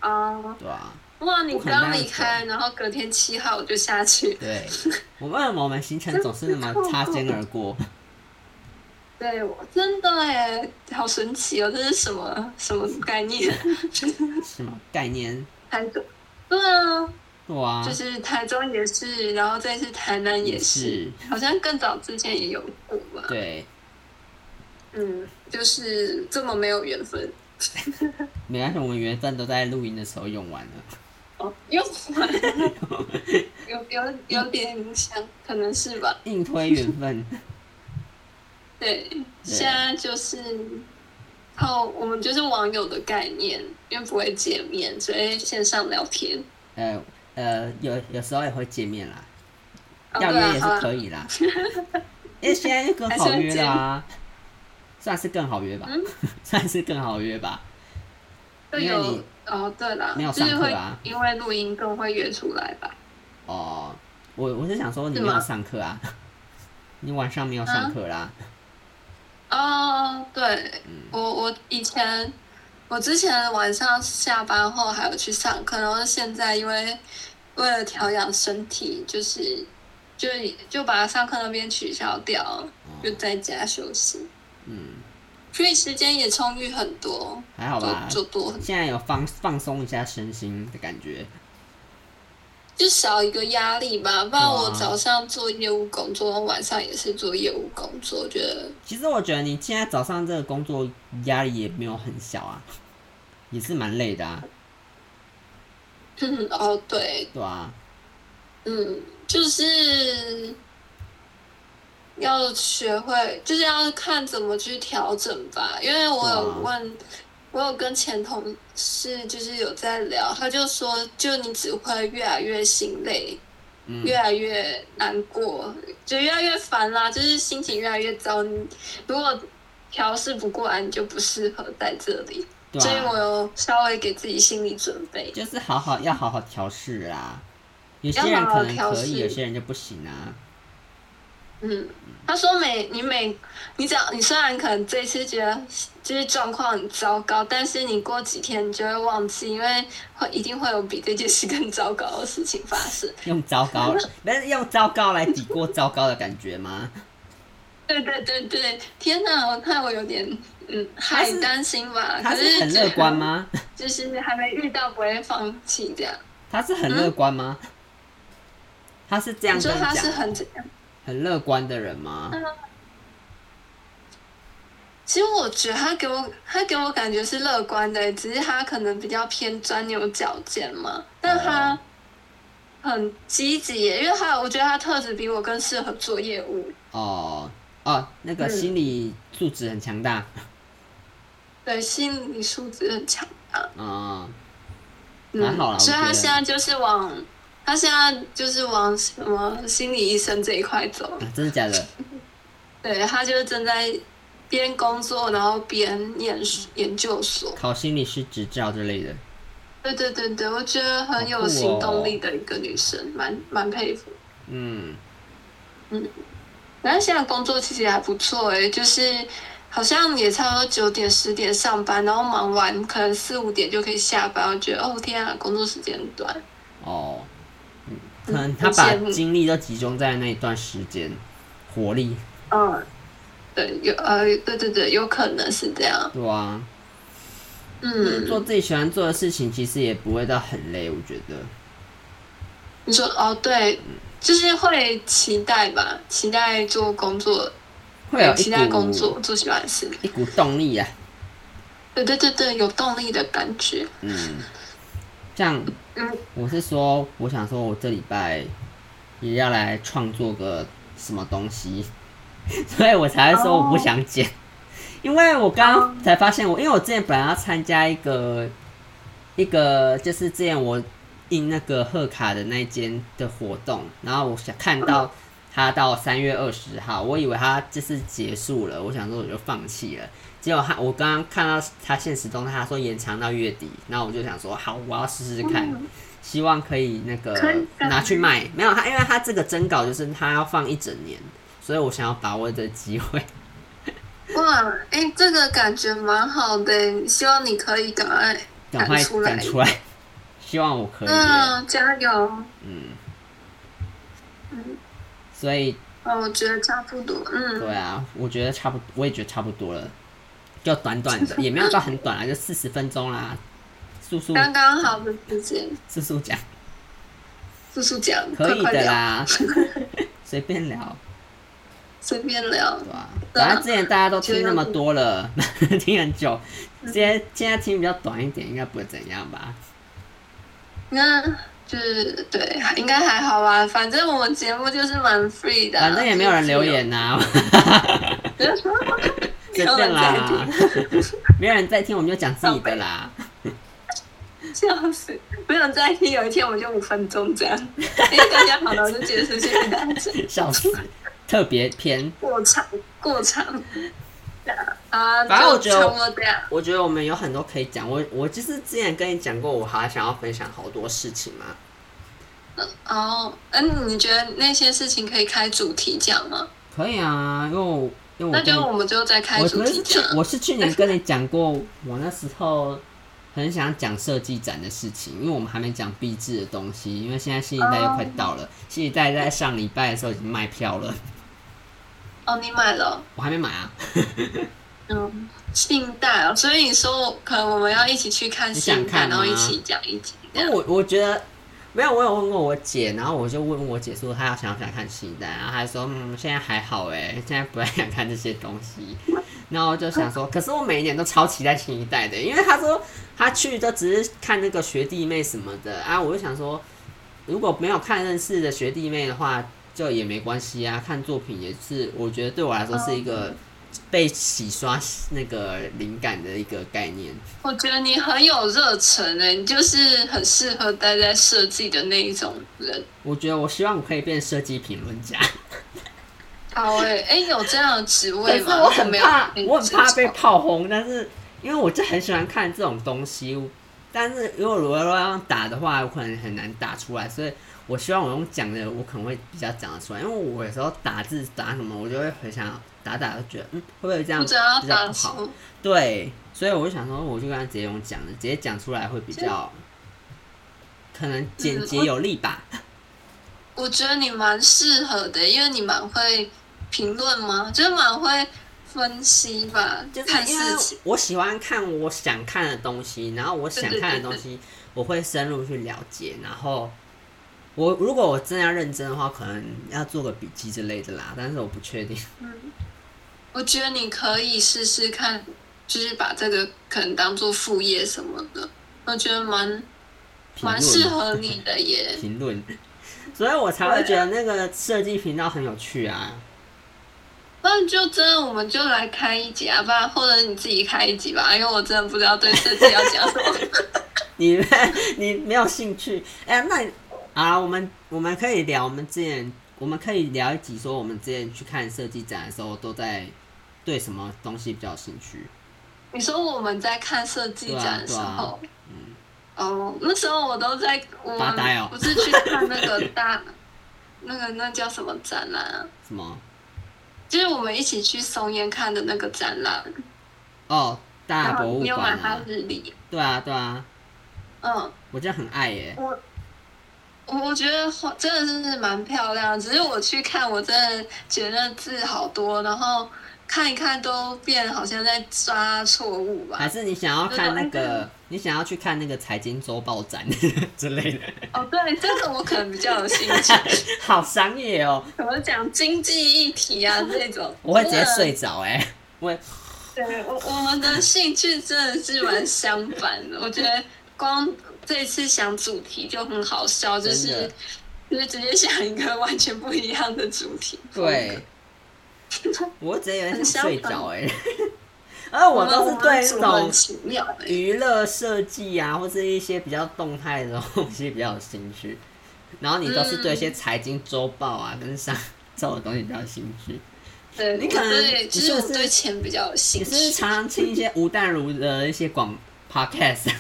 B: 啊、uh。對啊。哇，你剛離開，然後隔天七號我就下去。 對，
A: 我為什麼我們行程總是那麼擦肩而過？ 對
B: 我，我真的耶，好神奇哦！這是什麼什麼概念？
A: 什麼概念？
B: 對
A: 啊，對啊，就是
B: 台中也是，然後再是台南也是,也是，好像更早之前也有過吧？對，嗯，就是這麼沒有緣分。
A: 沒關係，我們緣分都在錄音的時候用完了。
B: 哦，用完了， 有有有點像，可能是吧？
A: 硬推緣分對。
B: 對，現在就是。哦、oh,，我們就是
A: 網友的概念，因為不會見面，所以線
B: 上聊天。呃呃，有有時候也會見面啦，oh, 要約也是可以啦。因些、啊啊 欸，現在更好約啦、
A: 啊， 算是更好約吧，
B: 嗯、
A: 算是更好約吧。會有哦，oh, 對
B: 啦，沒有上課啊，因為錄音更會約出來
A: 吧。哦、oh,，我我是想說你沒有上課啊， 你晚上沒有上課啦。哦、啊。Oh.
B: 對我，我以前，我之前晚上下班後還有去上課，然後現在因為為了調養身體，就是，就就把上課那邊取消掉，哦，就在家休息。
A: 嗯，
B: 所以時間也充裕很多，還好吧？就多、多，
A: 現在有放放鬆一下身心的感覺。
B: 就少一個壓力吧。不然我早上做業務工作，晚上也是做業務工作，我覺得。
A: 其實我覺得你現在早上這個工作壓力也沒有很小啊，也是蠻累的
B: 啊。嗯哦對。對啊。嗯，就是要學會，就是要看怎麼去調整吧。因為我有問。我有跟前同事就是有在聊，他就說，就你只會越來越心累，嗯、越來越難過，就越來越煩啦、啊，就是心情越來越糟。你如果調適不過來，你就不適合在這裡、啊。所以我有稍微給自己心理準備，就是
A: 好好要好好調適啦、啊。 有些人可能可以調，有些人就不行啊。
B: 嗯，他說每你每你只要你雖然可能這一次覺得就是狀況很糟糕，但是你過幾天你就會忘記，因為會一定會有比這件事更糟糕的事情發生。
A: 用糟糕，不 是用糟糕來抵過糟糕的感覺嗎？
B: 對對對對，天吶，我看我有點嗯，很擔心吧？他是，可是，他是很樂觀嗎？就是還沒遇到不會放棄這樣？
A: 他是很樂觀嗎、嗯？他是這樣子，你說他是很很樂觀的人嗎？
B: 啊，其實我覺得他給我他給我感覺是樂觀的，只是他可能比較偏鑽牛角尖嘛。但他很積極，因為他我覺得他特質比我更適合做業務。
A: 哦哦，那個心理素質很強大。嗯，
B: 對，心理素質很強
A: 大。嗯，蠻好了。所以他現在
B: 就是往。她現在就是往什麼心理醫生這一塊走。
A: 啊，真的假的？
B: 對，她就是正在邊工作，然後邊研研究所
A: 考心理師執照之類的。
B: 對對對對，我覺得很有行動力的一個女生，蠻蠻、哦、佩服。嗯嗯，然後現在工作其實還不錯，欸、就是好像也差不多九點十點上班，然後忙完可能四五點就可以下班。我覺得哦天啊，工作時間短
A: 哦。可能他把精力都集中在那一段時間，活力。
B: 嗯，對，有呃、啊，對對對，有可能是這樣。對啊。嗯。做自
A: 己喜歡做的事情，其實也不會到很累，我覺得。
B: 你說哦，對，就是會期待吧，期待做工作，
A: 會有期待工作
B: 做喜歡的事，
A: 一股動力啊。
B: 對對對對，有動力的感覺。
A: 嗯，這樣。我是說，我想說，我這禮拜也要來創作個什麼東西，所以我才會說我不想剪，因為我剛剛才發現，我因為我之前本來要參加一個一個，就是這樣，我印那個賀卡的那一間的活動，然後我想看到。他到三月二十號，我以為他這次結束了，我想說我就放棄了。結果他，我剛剛看到他限時動態，他說延長到月底，那我就想說好，我要試試看，希望可以那個拿去賣。沒有他，因為他這個徵稿就是他要放一整年，所以我想要把握這機會。哇，哎、
B: 欸，這個感覺蠻好的，希望你可以趕快趕快趕出來，
A: 希望我可以，嗯，加油，
B: 嗯。所以，哦，我覺得差不多，嗯。對啊，
A: 我覺得差不多，我也覺得差不多了，就短短的， 也沒有到很短啊，就四十分鐘啦，速速，剛
B: 剛好的時間，速速講，速速講，可以的啦，
A: 隨 便聊，
B: 隨便聊，對啊，對啊，反正之前大家都聽那麼多
A: 了， 聽很久，今天，今天聽比較短一點，應該不會怎樣吧？
B: 嗯。就是對，應該還好吧、啊。反正我們節目就是蠻 free 的、啊，反正也沒有人留言吶、啊。不
A: 要說，沒有人在聽，沒有人在聽，我們就講自己的啦。
B: 笑死，沒有人在聽，有一天我們就五分鐘這樣。大家好，我是傑斯
A: 先生。笑死，特別篇過
B: 長，過長。啊，反正
A: 我覺得，我覺得我們有很多可以講。我我就是之前跟你講過，我還想要分享好多事情嘛、嗯。
B: 哦，嗯，你覺得那些事情可以開主題講嗎？
A: 可以啊，因為我，覺得我，我們
B: 就在開主題講。
A: 我是去年跟你講過，我那時候很想講設計展的事情，因為我們還沒講畢製的東西，因為現在新一代又快到了，嗯、新一代在上禮拜的時候已經賣票了。
B: 哦、oh，你買
A: 了？我還沒買啊。 嗯，
B: 新一代哦，所以你說可能我們要一起去看新一代想
A: 看，然後一起講一講。因為我我覺得沒有，我有問過我姐，然後我就問我姐說她要想不想看新一代，然後她還說嗯現在還好誒、欸，現在不太想看這些東西。然後我就想說，可是我每一年都超期待新一代的，欸，因為她說她去就只是看那個學弟妹什麼的啊，我就想說如果沒有看認識的學弟妹的話，就也沒關係啊，看作品也是，我覺得對我來說是一個被洗刷那個靈感的一個概念。
B: 我覺得你很有熱忱誒、欸，你就是很適合待在設計的那一種
A: 人。我覺得我希望我可以變設計評論家。
B: 好誒、欸，誒、欸，有這樣的職位嗎？我很怕我，我很怕被
A: 炮轟，但是因為我就很喜歡看這種東西，但是如果如果要打的話，我可能很難打出來，所以。我希望我用講的，我可能會比較講得出來，因為我有時候打字打什麼，我就會很想打打，就覺得嗯，會不會這樣比較不好？對，所以我就想說，我就跟他直接用講的，直接講出來會比較可能簡潔有力吧？嗯，
B: 我，我覺得你蠻適合的，因為你蠻會評論嘛，就是蠻會分析吧，就是因為我，看事情
A: 我喜歡看我想看的東西，然後我想看的東西，我會深入去了解，然後。我如果我真的要認真的話，可能要做個筆記之類的啦，但是我不確定。嗯，
B: 我覺得你可以試試看，就是把這個可能當做副業什麼的，我覺得蠻蠻適合你的耶。
A: 評論，所以我才會覺得那個設計頻道很有趣啊。
B: 啊那就這樣，我們就來開一集啊，不然或者你自己開一集吧，因為我真的不知道對設計要講什麼。
A: 你沒你沒有興趣？哎、欸、呀，那你。好、啊，我們我們可以聊我們之前，我們可以聊一集，說我們之前去看設計展的時候，都在對什麼東西比較有興趣。
B: 你說我們在看設計展的時候，啊啊、嗯，哦，那時候我都在，我們不是去看那個大，哦、 那個那叫什麼展覽啊？什麼？就是我們一起去松菸看的那個展覽
A: 哦，大博物館、啊。你有買他的日曆。對啊，對啊。嗯。我真的很愛耶、欸。
B: 我覺得好，真的是蠻漂亮的。只是我去看，我真的覺得字好多，然後看一看都變，好像在抓錯誤吧。還是
A: 你想要看那個？嗯，你想要去看那個財經週報展之類的？
B: 哦，對，這個我可能比較有興趣。
A: 好商業哦，怎
B: 麼講經濟議題啊這種？我會直接睡
A: 着哎，欸，我。
B: 對我我們的興趣真的是蠻相反的。 我覺得光。這一次想主題就很好笑，就是就是直接想一個完全不一樣的主題。
A: 對， 我直接有點想、欸、很點睡着而已，而、啊、我都是對那種奇妙娛樂設計啊，或是一些比較動態的東西比較有興趣。然後你都是對一些財經周報啊，嗯、跟上這種東西比較有興趣。對，
B: 你可能其實、就是對錢比較有興趣，就是常常聽一些
A: 吳淡如的一些廣 podcast。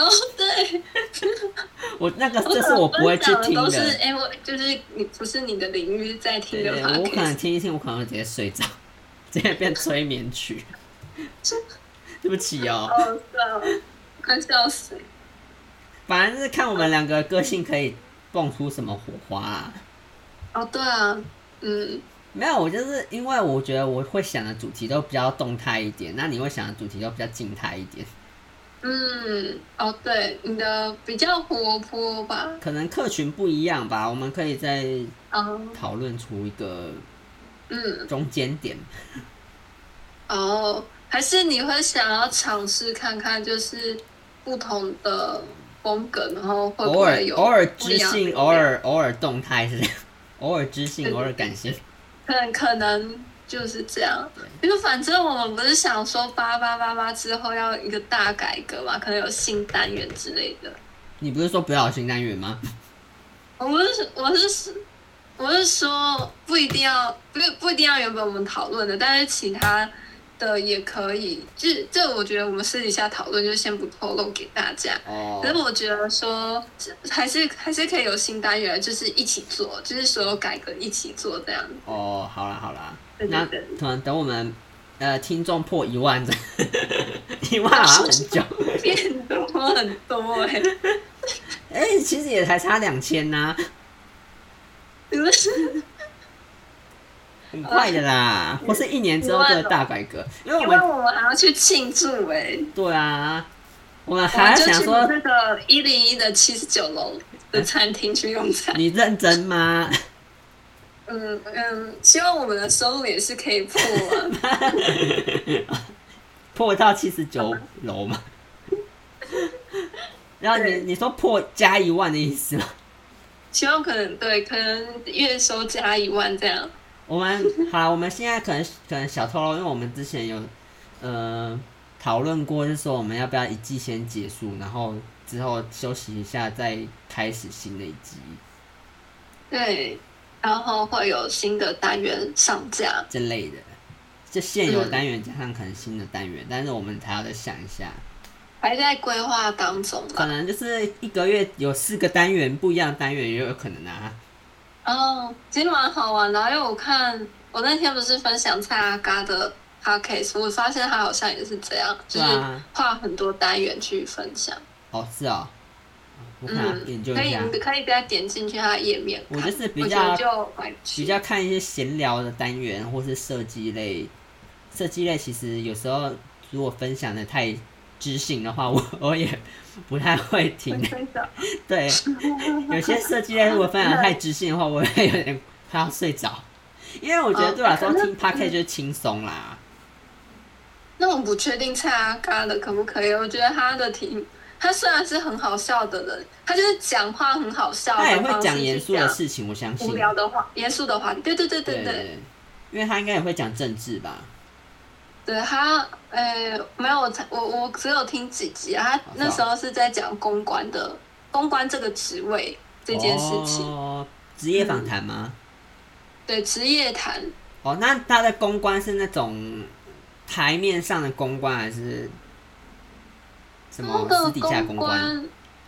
B: 哦、
A: oh,，對， 我那個這是我不會去聽的。哎、欸，我就是你不
B: 是你的領域在聽的。我可能聽
A: 一聽，我可能直接睡着，直接變催眠曲。 對不起哦。哦、oh,，算了，
B: 快笑死。
A: 反正是看我們兩個個性可以蹦出什麼火花、啊。哦、oh,，對啊，嗯，沒有，我就是因為我覺得我會想的主題都比較動態一點，那你會想的主題都比較靜態一點。
B: 嗯，哦，對，你的比較活潑吧，
A: 可能客群不一樣吧，我們可以再討論出一個嗯中間點，嗯。哦，
B: 還是你會想要嘗試看看，就是不同的風格，然後會會有感覺偶爾偶爾知性，
A: 偶爾偶爾動態是這樣，偶爾知性，偶爾感性，可、嗯、
B: 能可能。可能就是這樣，因為反正我們不是想說八八八八之後要一個大改革嘛，可能有新單元之類的。
A: 你不是說不要新單元嗎？
B: 我不是，我是我是說不一定要，不不一定要原本我們討論的，但是其他的也可以。就這，就我覺得我們私底下討論就先不透露給大家。哦。可是我覺得說，這還是還是可以有新單元，就是一起做，就是所有改革一起做這樣
A: 哦，好啦好啦。那等等我們，呃，聽眾破一萬的，一萬好像很久，
B: 變多很多哎、
A: 欸，哎、欸，其實也才差兩千吶，你們是很快的啦、呃，或是一年之後的大改革，因為我們,因為我們還要去
B: 慶祝哎、欸，
A: 對啊，我們還要想說那
B: 個一零一的七十九樓
A: 的餐廳去用餐、啊，你認真嗎？
B: 嗯嗯，希望我們的收入也是可以破、
A: 啊、 破到七十九樓嘛。 然後你你說破加一萬的意思嗎？
B: 希望可能對，可能月收加一萬這
A: 樣。我們好，我們現在可能可能小偷了，因為我們之前有呃討論過，就說我們要不要一季先結束，然後之後休息一下再開始新的一季。對。
B: 然後會有新的
A: 單元上架這類的，這現有單元加上、嗯、可能新的單元，但是我們還要再想一下，
B: 還在規劃當中。可
A: 能就是一個月有四個單元，不一樣單元也有可能啊。
B: 哦，其實蠻好玩的，因為我看我那天不是分享蔡阿嘎的 podcast，我發現他好像也是這樣，就是畫很多單元去分享。
A: 哦，是啊、哦。就、啊嗯、可以，可
B: 以不要點進去他的頁面。我就
A: 是比較就比較看一些閒聊的單元，或是設計類。設計類其實有時候如果分享的太知性的話，我我也不太會聽。 對， 有些設計類如果分享的太知性的話，我也有點怕睡着。因為我覺得對我、啊、來、呃呃、說聽 Podcast 就是輕鬆啦、呃嗯。
B: 那我們不確定蔡阿嘎的可不可以？我覺得他的挺。他雖然是很好笑的人，他就是講話很好笑。他也會講嚴
A: 肅的事情，我相信。無聊
B: 的話，嚴肅的話，對對對對對。對，
A: 因為他應該也會講政治吧？
B: 對，他呃沒有，我我只有聽幾集啊。他那時候是在講公關的，公關這個職位這件事情，哦，
A: 職業訪談嗎？嗯，
B: 對，職業談。
A: 哦，那他的公關是那種台面上的公關，還是？他個公關，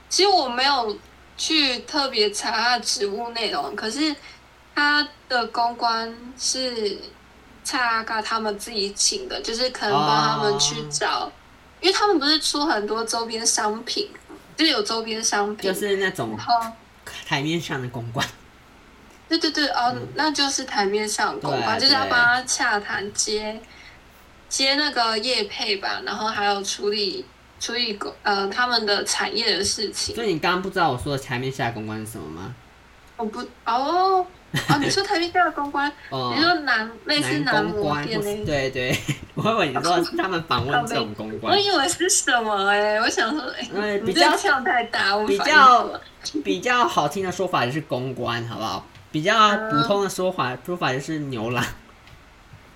B: 其實我沒有去特別查他的職務內容，可是他的公關是蔡嘎他們自己請的，就是可能幫他們去找，oh. 因為他們不是出很多周邊商品，就是有周邊商品，就是那種、oh.
A: 台面上的公關。
B: 對對對，哦、oh, 嗯，那就是台面上的公關，就是要幫他洽談接接那個業配吧，然後還有處理。所以，呃，他們的產業的事情。所
A: 以你剛剛不知道我說的台面下的公關是什麼嗎？
B: 我不哦，哦，你說台面下的公關，你、 嗯、說男類似男模店、欸、
A: 對，對對，我以為你說的是他們訪問這種公關、啊。我以
B: 為是什麼哎、欸？我想說，欸、哎，比較你太大，我比較
A: 比較好聽的說法就是公關，好不好？比較普通的說法、嗯、說法就是牛郎。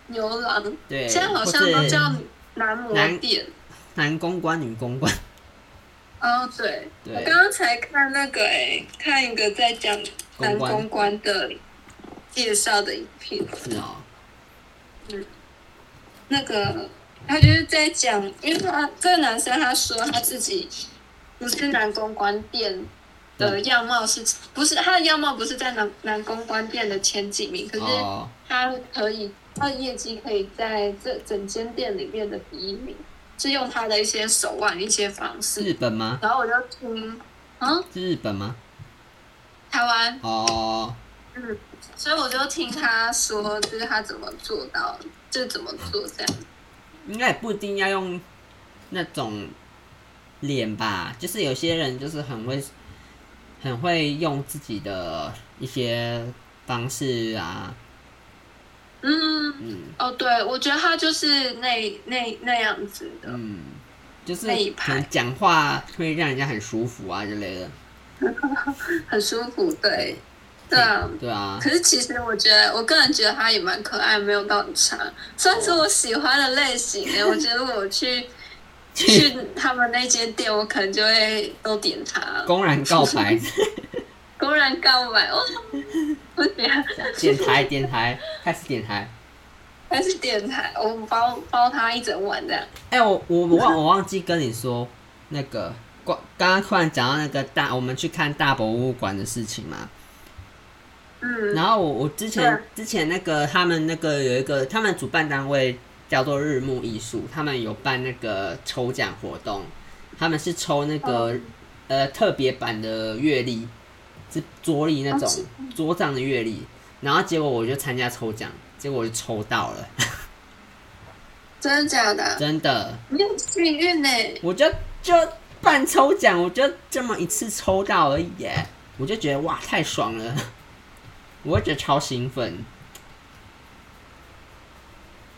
A: 牛郎對，現在好像都
B: 叫男模店。男
A: 男公關，女公關、
B: Oh，哦，對，我剛剛才看那個、欸，哎，看一個在講男公關的介紹的影片。是啊、哦。嗯，那個他就是在講，因為他這個男生他說他自己不是男公關店的樣貌是，嗯、不是他的樣貌不是在男男公關店的前幾名，可是他可以，oh. 他的業績可以在這整間店裡面的第一名。是用他的一些手腕、一些方式，日本嗎？然後我就聽，嗯、
A: 啊，是日本嗎？
B: 台灣哦，嗯、Oh，所以我就聽他說，就是他怎麼做到，就是怎麼做這樣。
A: 應該也不一定要用那種臉吧，就是有些人就是很會很會用自己的一些方式啊。嗯，嗯，
B: 哦，對，我覺得他就是那那那樣子
A: 的，嗯，就是很講話，會讓人家很舒服啊之類的，
B: 很舒服，對，對啊對，對啊。可是其實我覺得，我個人覺得他也蠻可愛，沒有到很差，算是我喜歡的類型，欸。我覺得我去 去他們那間店，我可能就會都點他，
A: 公然告白。
B: 公然告白哦！怎麼樣？點台
A: 點台，開始點台，
B: 開始
A: 點台，我包包他一整晚這樣哎、欸，我我我忘我忘記跟你說，那個剛剛突然講到那個大我們去看大博物館的事情嘛。嗯。然後我我之前、嗯、之前那個他們那個有一個他們主辦單位叫做日暮藝術，他們有辦那個抽獎活動，他們是抽那個、哦、呃特別版的月曆。是着力那種桌上的閱歷，然後結果我就參加抽獎，結果我就抽到了，
B: 真的假的？
A: 真的，你有幸運呢、欸。我就就半抽獎，我就這麼一次抽到而已，我就覺得哇，太爽了，我就覺得超興奮，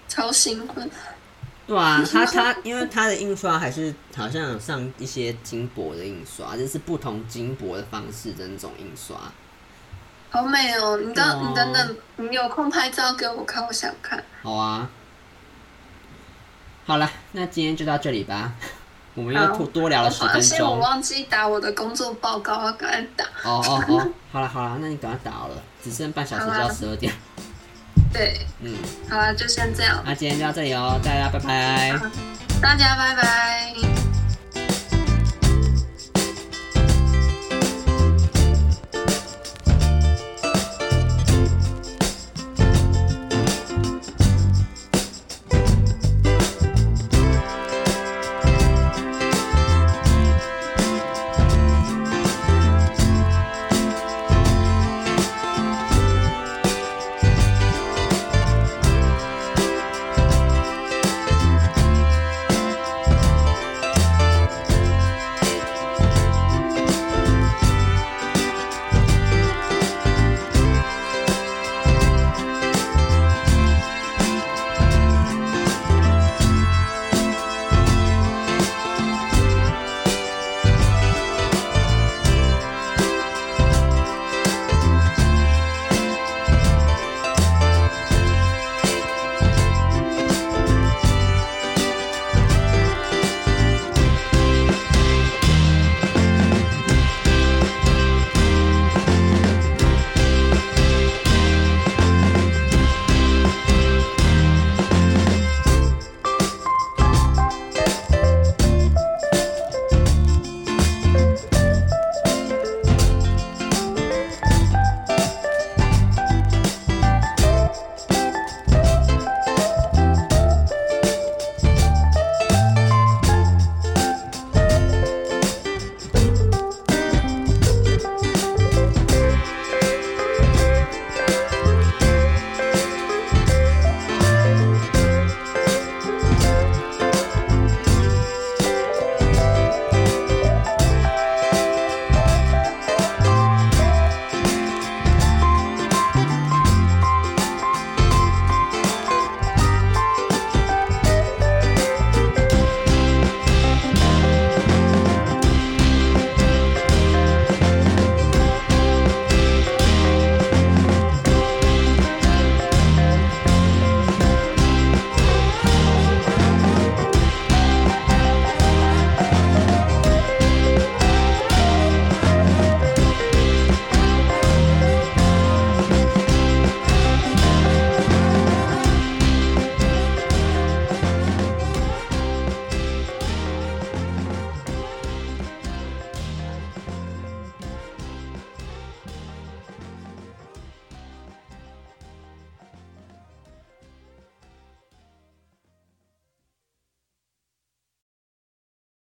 A: 超興奮。對啊，它它因為它的印刷還是好像有上一些金箔的印刷，就是不同金箔的方式的那種印刷。
B: 好美哦！你等、哦、你等等，你有空拍照給我看，我想看。
A: 好啊。好了，那今天就到這裡吧。 我們又多聊了十分鐘。先，我
B: 忘記打我的工作報告，要趕快打。
A: 哦哦哦！好了好了，那你趕快打好了，只剩半小時就要十二點。對，嗯，好啦、啊，就先這樣，那、啊、今天就到這裡哦，大家拜拜，大家拜拜。